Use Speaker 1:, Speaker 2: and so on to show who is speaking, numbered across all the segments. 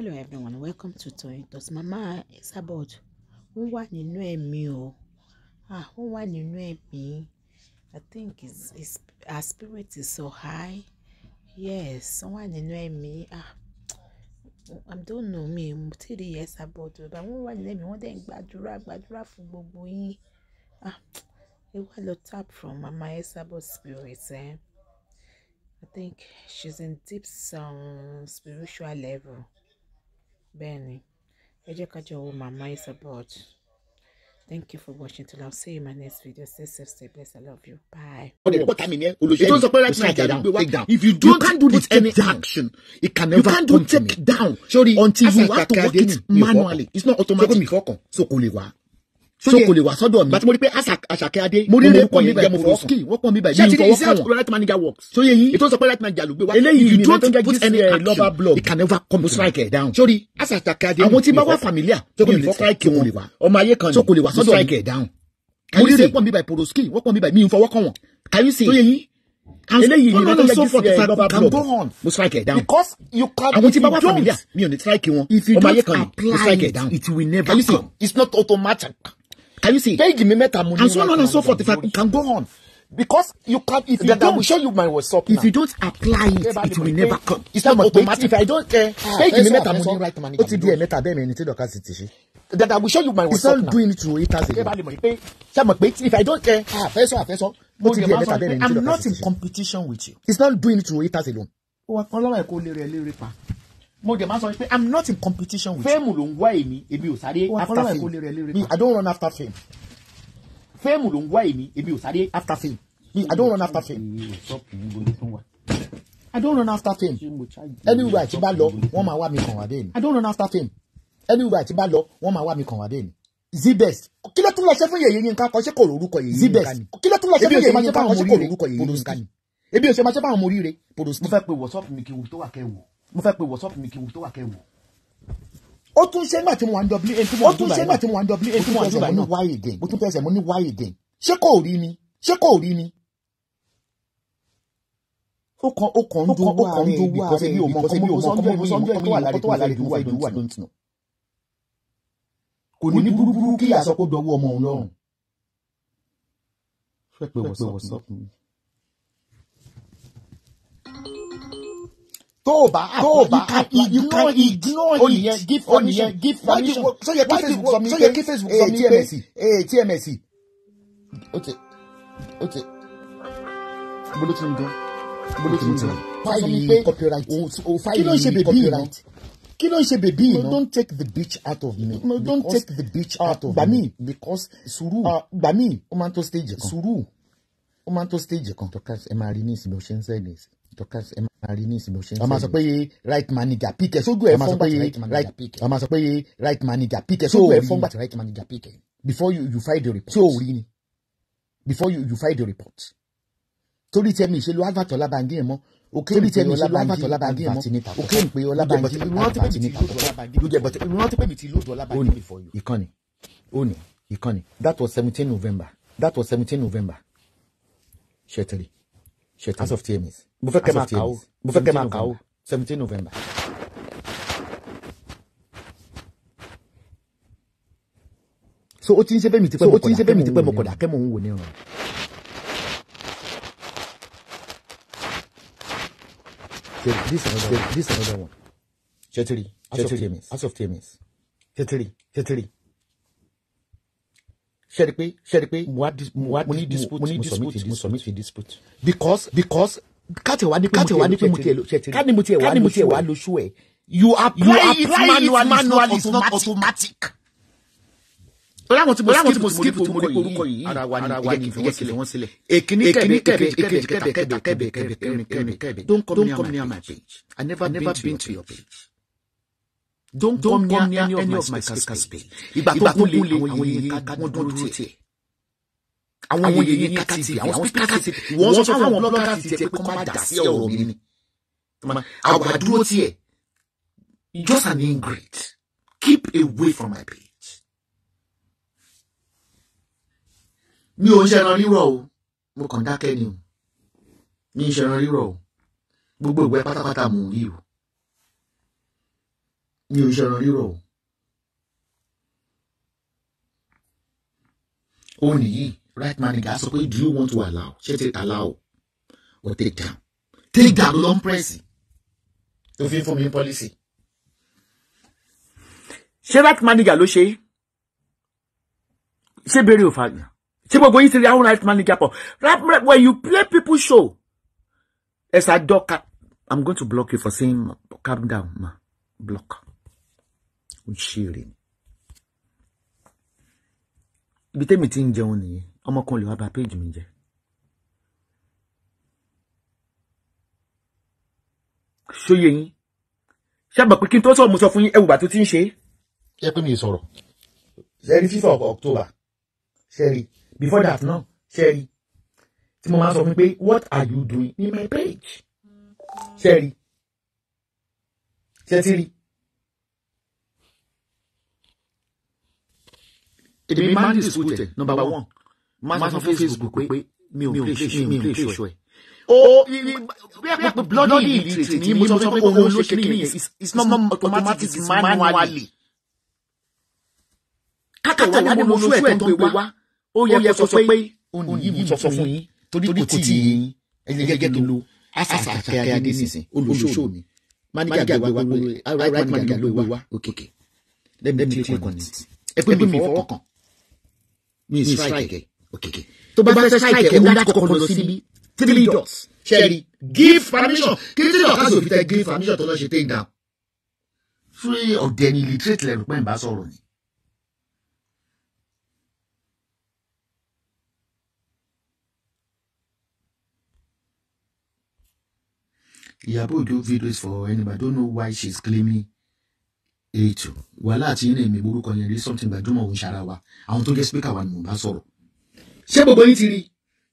Speaker 1: hello everyone welcome to Toyeen Talks mama Esabod wọ́n wà nínú ẹ̀mí o ah wọ́n wà nínú ẹ̀mí i think it's, it's, her spirit is so high yes wọ́n wà nínú ẹ̀mí ah i don't know me. mo ti rí Esabod bàbá wọ́n wà nínú ẹ̀mí wọ́n dẹ̀ ń gbàdúrà gbàdúrà fún gbogbo yín ah ẹ wá lọ tap from mama Esabod spirit eh? i think she's in deep some spiritual level. Benny, ẹ jẹ́ ká jọ Mama is aboard. Thank you for watching till I'll see you in my next video. Stay safe, stay blessed. I love you. Bye. If you don't you can't do this any action, it can never You can't do take down. Sorry, until you have to work it manually. It's not automatic. So, so kò lè wá sọ́dọ̀ mi. bàtí mo rí pé àṣàkẹ́ adé. mo rí rẹ́pọ̀ mi fọwọ́ kì wọ́n pọ̀ mi bàyẹ̀ mi fọwọ́ kàn wọ́n. right manager works. so yẹ yín. ìtọ́sọ pé right manager ló gbé wá. eléyìí you don't put any lover blood. it can never come to strike down. sori àṣàkẹ́ adé. àwọn tí bá wà familiar. so kò lè strike wọn. ọmọ ayé kan ni so kò lè wá sọ́dọ̀ mi. mo rí rẹ́pọ̀ mi bàyẹ̀ poroski wọ́n pọ̀ mi bàyẹ̀ mi fọwọ́ kàn wọ́n. you see. so yẹ yín eléyìí ni wọn so forth if i can go on because you can àwọn it will never come it's not automatic. Can you see? Page me meta money. And so on and so forth. If I can go on. Because you can't, if you don't, I will show you my WhatsApp. If you don't apply it, it will never come. It's not automatic. If I don't care, page me meta money. Ó ti di ẹ̀mẹ́ta bẹ́ẹ̀ mi ẹni tí dọ̀ka sì ti ṣe. That I will show you my WhatsApp now. It's not doing it to haters again. Eh, ṣé mo pé if I don't care, àfẹ́sọ́ àfẹ́sọ́, ó ti di ẹ̀mẹ́ta bẹ́ẹ̀ mi ẹni tí dọ̀ka sì ti ṣe. I'm not in competition with you. It's not doing it to haters alone. Ọlọ́run ẹ̀kọ́ lérè lérè pa mo dẹ̀ máa sọ pé i'm not in competition with you. ló ń wá èmi èmi ò sáré after fame me i don't run after fame. fẹ́ẹ̀mù ló ń wá èmi èmi ò sáré after fame me i don't run after fame. i don't run after fame. anywhere tí bá lọ wọ́n máa wá mi kàn wá bẹ́ẹ̀ ni. i don't run after fame. anywhere tí bá lọ wọ́n máa wá mi kàn wá bẹ́ẹ̀ ni zbest kí ló tún lọ ṣe fún yèyé yín ká kọ ṣe kò lórúkọ yèyé yín ká ni kí ló tún lọ ṣe fún yèyé yín ká kọ ṣe kò lórúkọ yèyé yín ká ebi ò ṣe máa ṣe fáwọn ọmọ oríire. mo fẹ́ pe wọ́sọ́ọ̀pù mi kí n tó wà kẹ́ wò mo fẹ́ pe wọ́sọ́ọ̀p mi kí n tó wà kẹ́ wò. ó tún ṣe nígbà tí mo wà ní w eight ó tún ṣe nígbà tí mo wà ní w eight mo tún fẹsẹ̀ mo ní why again mo tún fẹsẹ̀ mo ní why again ṣé kò rí ni ṣé kò rí ni. ó kàn ó kàn ń dowó ààrẹ ibi kan ṣe bí òmò kan bí òmò kan bí òmò kan bí òmò kan tó wà lára ìdúwà ìdúwà don't know. kò ní burúburú kí àsọkó dọwọ́ ọmọ òun lọ́rùn. fẹ́ pé wọ́sọ́ọ̀p mi. tó o bá tó o bá you can ignore it oníyẹn give permission give permission so your kí facebook sọ mi pé ee tmsc ee tmsc o ti o ti bolo ti n gan bolo ti n gan fáìlì copyright o fáìlì copyright kí ló ń ṣe bèbí yìí náà. don't take the bitch out of me. no don't take the bitch ah, out of me. gbà mí because suru. Ah, gbà mí ó máa to stage kan. sùúrù ó máa ń tó stage kan. tọ́ka ẹ máa rí ní ìsinmi ó ṣe ń sẹ́yìn ní ìsinmi tọ́ka ẹ máa àrí ní ìsìnbó ṣe ń sẹ́yìn. a máa sọ pé right manager píkẹ́ sójú ẹ̀ fọ́ngbà tí right manager píkẹ́. a máa sọ pé right manager píkẹ́ sójú ẹ̀ fọ́ngbà tí right manager píkẹ́. before you you file the report. tí o rí ni before you you file the report. torí tẹ́mi ìṣèlú albert ọlábàngí ẹ̀ mọ́ torí tẹ́mi ìṣèlú albert ọlábàngí ẹ̀ mọ́ o claim pé ọlábàngí àti nípa ìrántí pé mi ti lóòdù ọlábàngí before you. ìkànnì òní ìkànnì that was seventeen november that was seventeen november ṣètìlì ṣètìlì as of tms mo fẹ́ kẹ́ máa kà ó mo fẹ́ seventeen november. so ó ti ń ṣe bẹ́ẹ̀ mi tipẹ́ mọ̀kọ̀dà ó ti ń ṣe bẹ́ẹ̀ mi tipẹ́ mọ̀kọ̀dà kẹ́ mò ń wò ní ọ̀run. this another one this another one chetiri chetiri house of thames chetiri chetiri ṣẹ́ri pé ṣẹ́ri pé mo ní dispute mo submit a dispute because because kátẹ̀ wá ní pé mo tiẹ̀ lo ká ní mo tiẹ̀ wá lo ṣú ẹ̀. you apply it manually it's not automatic. láwọn tí mo skip tí mo rí orúkọ yìí ara wa ni ẹ jẹ́ wọ́n sílẹ̀. èkíní kẹ̀bẹ̀ kẹ̀bẹ̀ kẹ̀bẹ̀ kẹ̀bẹ̀ kẹ̀bẹ̀ kẹ̀bẹ̀ kẹ̀bẹ̀ kẹ̀bẹ̀ don't come near my page I never been to your page. don't come near any of my speakers page. ìgbà tó kún lé àwọn yìí ká dúró tiẹ̀ àwọn òye yẹn kàkà tv àwọn spíkà tv wọ́n sọ fún àwọn blọ́gà tv tiẹ̀ pé kọ́ máa dà sí ọ̀rọ̀ mi ni àgbàdúró tiẹ̀ just an ingrate keep away from my page. mi ò ń ṣẹran rírọ̀ o mo kàn dákẹ́ ni o mi ń ṣẹran rírọ̀ o gbogbo ìwé pátápátá mò ń rí o mi ò ń ṣẹran rírọ̀ o. ó nìyí right manager sọ pé do you want to allow ṣé ti allow or take down take down ló ń pẹ́ẹ́sì tó fi fún mi policy. ṣé right manager ló ṣe ṣé bèrè ò fàgbà ṣé gbogbo yìí ti rí àwọn right manager pọ̀ when you play people show As I dọ́ka i'm going to block you for saying calm down ma block ó ṣe rè ní ibi tẹ́mi ti ń jẹun nìyẹn ọmọ kan lè wá bà péjì mi jẹ́ ṣóyè yín ṣàbà pé kí n tó sọ mo sọ fún yín ẹwùbà tó ti ń ṣe. ṣé pé mi sọ̀rọ̀ ṣe rí fífọ̀ October ṣe rí before that náà ṣe rí tí mo máa sọ fún pé what are you doing in my page ṣe rí ṣe ti rí. èmi máa ń dispute number one máa sọ Facebook pé mi ò lè ṣe mi ò lè o bí ẹ bloody irritate ni mo sọ pé òun ló ṣe kí nìyẹn it's not automatic it's manually. kátàwá ni mo lóṣù ẹ̀ tó ń pè wá ó yẹ kó sọ pé òun yìí mo sọ fún yín torí kò tí ì yín ẹni tó lo asàsà kẹ́kẹ́ adé nísìn olùṣòṣò mi manager gbé wa right manager ló wá okay
Speaker 2: let me click on it ẹ pé mi
Speaker 1: fọwọ́ kàn mi strike ẹ̀ òkèké tó bá fẹ́ strike ẹ̀ ó láti kọ́kọ́ lọ síbi three dots ṣẹ́ẹ̀rì give permission kí ní dọ̀ka sòfin tẹ give permission tó lọ ṣe take down. free of ni illiterate lẹ́nu pẹ́ ń bá sọ̀rọ̀ ni. Ìyábọ̀ Òjó videos for anybody don't know why she's claiming ètò wàhálà àti yín ní èmi orúkọ yẹn rí something gbajúmọ̀ òun ṣara wa àwọn tó jẹ́ spíkà wa ni mò bá sọ̀rọ̀ ṣé gbogbo yín ti rí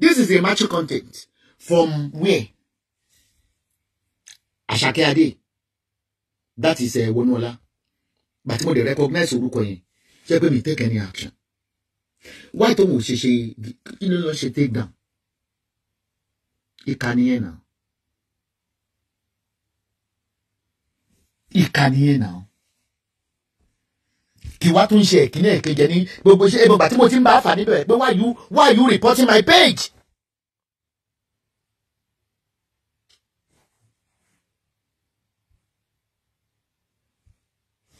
Speaker 1: this is a match content from where Àṣàkẹ́ Adé that is uh, eh, Wonuola but mo dey recognize orúkọ yẹn ṣé pé mi take any action why tó mo ṣe ṣe kí ló lọ ṣe take down ìkànnì yẹn náà ìkànnì yẹn náà kí wá tún ṣe ìkíní èkejì ní gbogbo ṣe èbùbà tí mo ti ń bá fà níbẹ̀ pé why you why you reporting my page.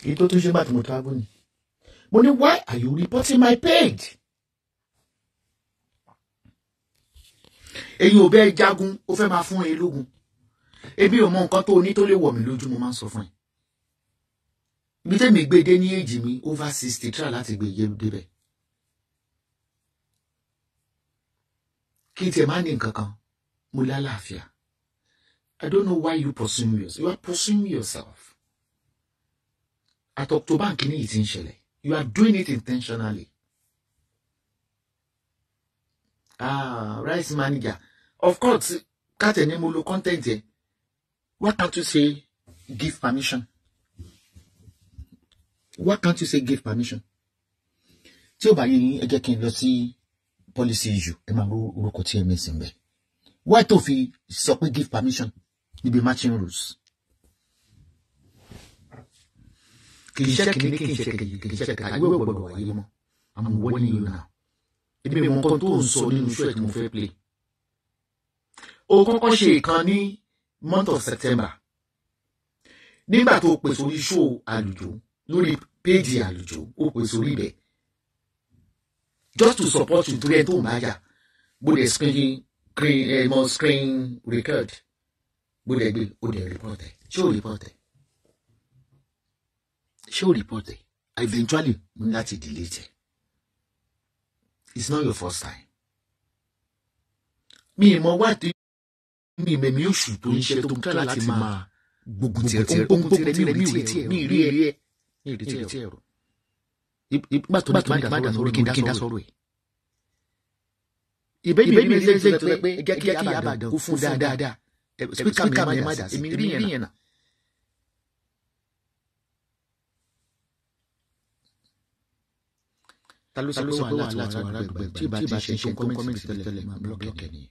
Speaker 1: èyí tó tún ṣe bá tí mo travel ni mo ní why are you reporting my page. èyí ò bẹ́ẹ̀ jagun ó fẹ́ máa fún ẹ lógun ebi ò mọ nǹkan tó o ní tó lè wọ̀ mí lójú mo máa ń sọ fún ẹ mi tẹ́mi gbé dé ní èjì mi over sixty try láti gbé yé débẹ̀. kí n tiẹ̀ má ní nǹkan mo lálàáfíà I don't know why you pursue me. you are pursuing yourself at October kìíní yìí ti ń ṣẹlẹ̀ you are doing it intentionally ah rice manager of course kátẹ̀ ni mo lo content yẹn why can't you say give permission why can't you say give permission tí ó bá yẹ yín ẹ jẹ́ kí n lọ sí policy issue ẹ máa ro orúkọ tí ẹ mí sí mbẹ why tó fi sọ pé give permission níbi matching rules. kì í ṣe kìíní kì í ṣe kìíní kì í ṣe kìíní àgbẹ̀ gbọ́dọ̀ wáyé mọ́ àmọ́ wọ́n ní yóò náà ebi mọ nǹkan tó ń sọ nínú iṣẹ́ tí mo fẹ́ play. o kọ́kọ́ ṣe ìkan ní month of September nígbà tó pèsè orí ṣó àlùjò lórí péèjì àlùjò ó pè sórí ibẹ̀ just to support you torí ẹ tó máa jà bó dẹ̀ screen screen ẹ mọ screen record bó dẹ̀ gbé ó dẹ̀ report ẹ̀ ṣé ó report ẹ̀ ṣé ó report ẹ̀ eventually mo ní láti delete ẹ̀ it's not your first time mi ìmọ̀ wádìí mi ìmẹ̀mí oṣù tó ń ṣe tó ń kí láti máa gbógun tiẹ̀ tiẹ̀ mi ò retí ẹ̀ mi ì rí ẹ̀ èrè tí ẹ̀rọ ìgbà tó ní kí n dá sọ̀rọ̀ ní kí n dá sọ̀rọ̀ yìí. ìbéèrè mi ṣe ṣe jẹ́ pé jẹ́ kí Ìbàdàn kú fún dáadáa spíkà mi má dà sí èmi rí yẹn nà. ta ló sọ pé wàhálà tí wàhálà dùgbẹ́ tí ìbá ti ṣe ṣe kọ́mẹ́ntì tẹ́lẹ̀ tẹ́lẹ̀ máa blọ́ọ̀kì ẹ̀ nìyẹn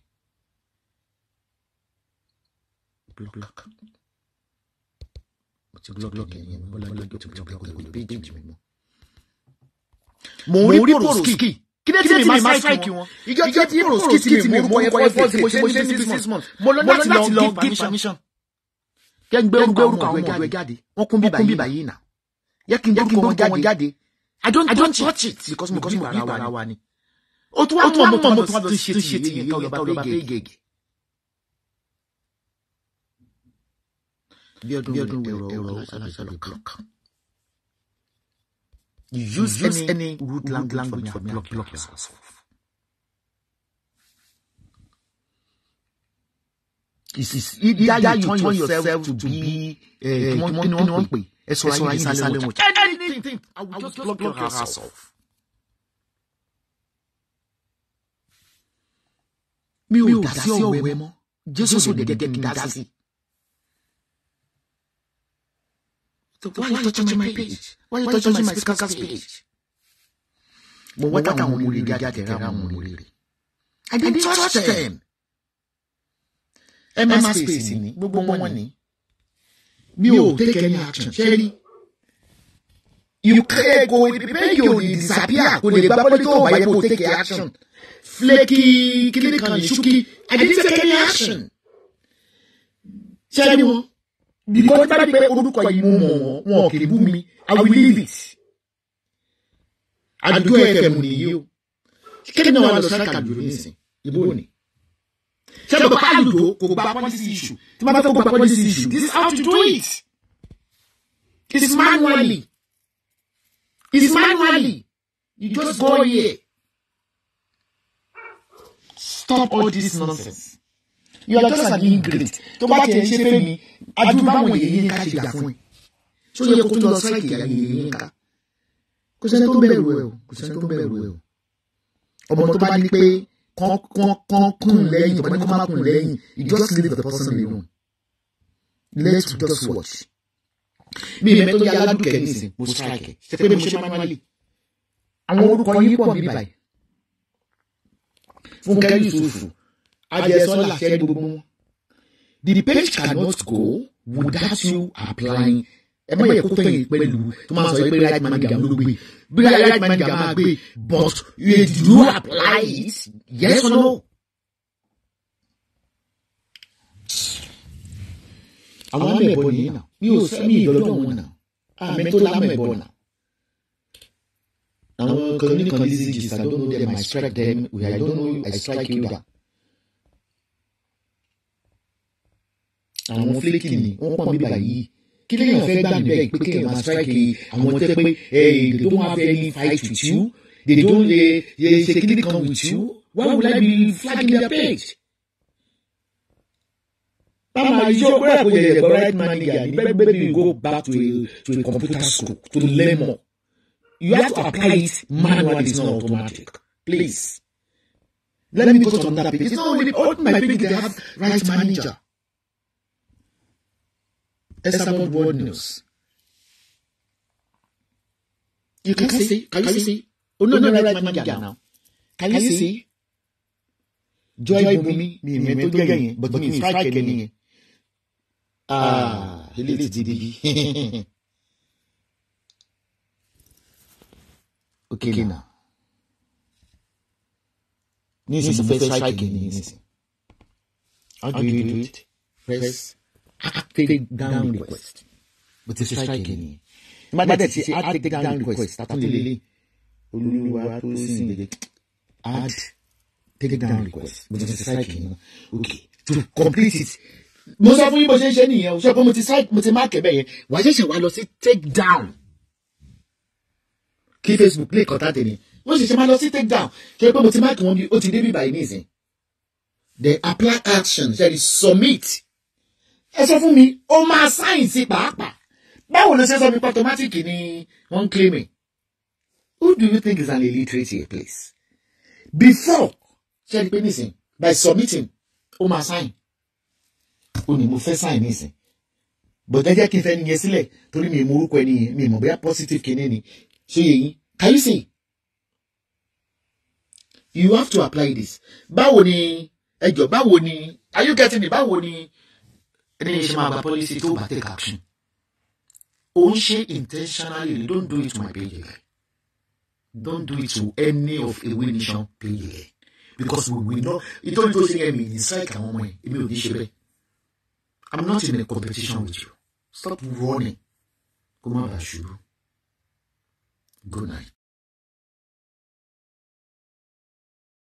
Speaker 1: mo ti block ẹ̀yìn mi bọ́lá gbẹ́gbẹ́ ti block ẹ̀kọ́ rí pòròskì kí ló ti mi máa ṣáìkì wọn ìjọ tí ó ti pòròskì ti mi mú orúkọ fọ́ọ̀sì mo ṣe ní six months mo lọ láti lọ gé permission. kẹ́ ń gbé orúkọ àwọn ọmọ ọ̀gbẹ́ jáde wọ́n kún bíbà yìí nà yẹ kí n gbé orúkọ wọn jáde I don't, touch it because mo bí ara wa ni. o tún wá mọ̀ mọ̀ mọ̀ tó ṣe ti yẹ ká ọlọ́ba pé gègé. You use, you use any, any rude language, language for block, block yourself. It's, it's either, either you turn yourself, yourself to be eh, eh, kí ni wọ́n pè e e Anything, I will just block your ass off. Mi ò dá sí ọ̀wẹ́ mọ́, Jésù ò dẹ̀ kí n dá sí So why, are you touching my page? Why are you touching my speaker's page? But what àwọn ọmọ rere àtẹ̀rẹ́ àwọn ọmọ rere. I didn't touch them.
Speaker 2: Ẹ máa space ni
Speaker 1: gbogbo Me ni. take any action. Ṣé rí? You can't go make you disappear kò lè gbá pọ́lítọ́ ọ̀bá yẹ kó take action. Flaky kílíkan ìṣúkí I didn't take any action. Ṣé rí because tí bá di pé orúkọ yìí mo mọ̀ wọ́n wọn kì í bú mi i will leave it àdúrà ẹ̀kẹ́ mu nìyí o kéde náà wà lọ sáà kàdúró nísìn ìbò ni ṣé bàbá àlùdó kò gba policy issue tí bàbá tó gba policy issue this is how to do it it is manually it is manually you just go here stop all this nonsense yọ lọ́tọ́ sàbí great tó bá tiẹ̀ ṣe fẹ́ mi adúrú báwọn èyí ní ká ṣe gbà fún ẹ
Speaker 2: ṣó yẹ kó tún lọ sáìkì àyè
Speaker 1: èyí ní ká kò sẹ́ni tó bẹ̀rù ẹ o kò sẹ́ni tó bẹ̀rù ẹ o ọmọ tó bá ní pé kọ́ńkún lẹ́yìn ọ̀pọ̀ ní kọ́ máa kún lẹ́yìn you just leave the person alone Let let's just watch
Speaker 2: mi ìmẹ́ tó yá aládùkẹ́ nísìn mo strike ṣe pé mo ṣe manually
Speaker 1: àwọn orúkọ yìí pọ̀ mi báyìí fúnkẹ́ Yusufu Adesola said gbogbo the page cannot go without you applying
Speaker 2: ẹ má yẹ kó tẹ̀yìn pẹ̀lú tó máa sọ pé right manager ló
Speaker 1: gbé bí right manager máa gbé but you do you apply it yes or no. àwọn amẹ̀bọ nìyí nà mi ò sẹ́mi ìdọ́dọ̀ wọn nà
Speaker 2: àmì tó lámẹ̀bọ nà. àwọn kan ní kan ní zigis I don't know them I strike
Speaker 1: them I don't know I strike you down. àwọn fílẹ̀kì ni wọ́n pọ̀ mí báyìí kí lèèyàn fẹ́ gbà níbẹ̀ pé kéèyàn máa strike àwọn tẹ́ pé eh, èdè tó máa fẹ́ ní fight with you they don dey eh, dey ṣe kíni kan with you why would I be flagging their page.
Speaker 2: Mama, you sure where go get the right manager? You better maybe
Speaker 1: you go back to a to a computer school to learn more. You have to apply it manually, it's not automatic. Please. Let me go to another page. It's not only all my people they have right manager. Esabod World News. You can, can see, can you see? see? Oh no, oh, no, no, right media now. Can, you see? Joy, Joy Bumi, mi ìmẹ̀ tó jẹ́ yẹn, but mi strike ẹni yẹn. Ah, ilé ti di bí. Okay, okay now. Nísìnyí fẹ́ strike ẹni yẹn nísìnyí. How do you do it? Press take down request But it's striking. ni nígbà tí a add take down request àtúndínlélẹ olúwa tó sì add take down request But it's striking. ni okay to complete it
Speaker 2: most of you yín bó ṣe
Speaker 1: ń ṣe nìyẹn o ṣe pé mo ti strike mo ti mark ẹ bẹ́ẹ̀ take down kí facebook lè kọ́tà tèmi mo sì ṣe máa lọ sí take down ṣe pé mo ti mark wọn bí ó ti dé bí báyìí nísìn then apply action ṣe ni submit ẹ sọ fún mi ó máa sáyẹ̀nsì pàápàá báwo ló ṣe sọ mi pọtọmátìkì ni wọ́n ń claim it who do you think is an illiterate in a place before ṣe ni pé nísìn by submitting ó máa sáyìn ó ní mo fẹ́ sáyìn nísìn bọ̀dá jẹ́ kí n fẹ́ nìyẹn sílẹ̀ torí mi ì mọ orúkọ ẹni yẹn mi ì mọ̀ bóyá positive kìíní ni ṣé yẹ yín can you see you have to apply this báwo ni ẹjọ báwo ni are you getting me báwo ni ẹni ṣe máa gba policy tó bá take action ó ń ṣe intentionally don't do it to my page don't do it to any of Away Nation page because we will not ìtọ́jú tó ṣe ẹ̀mí inside àwọn ọmọ yẹn èmi ò ní ṣe bẹ́ẹ̀ I'm not in a competition with you stop running kó má bàa ṣubú good night.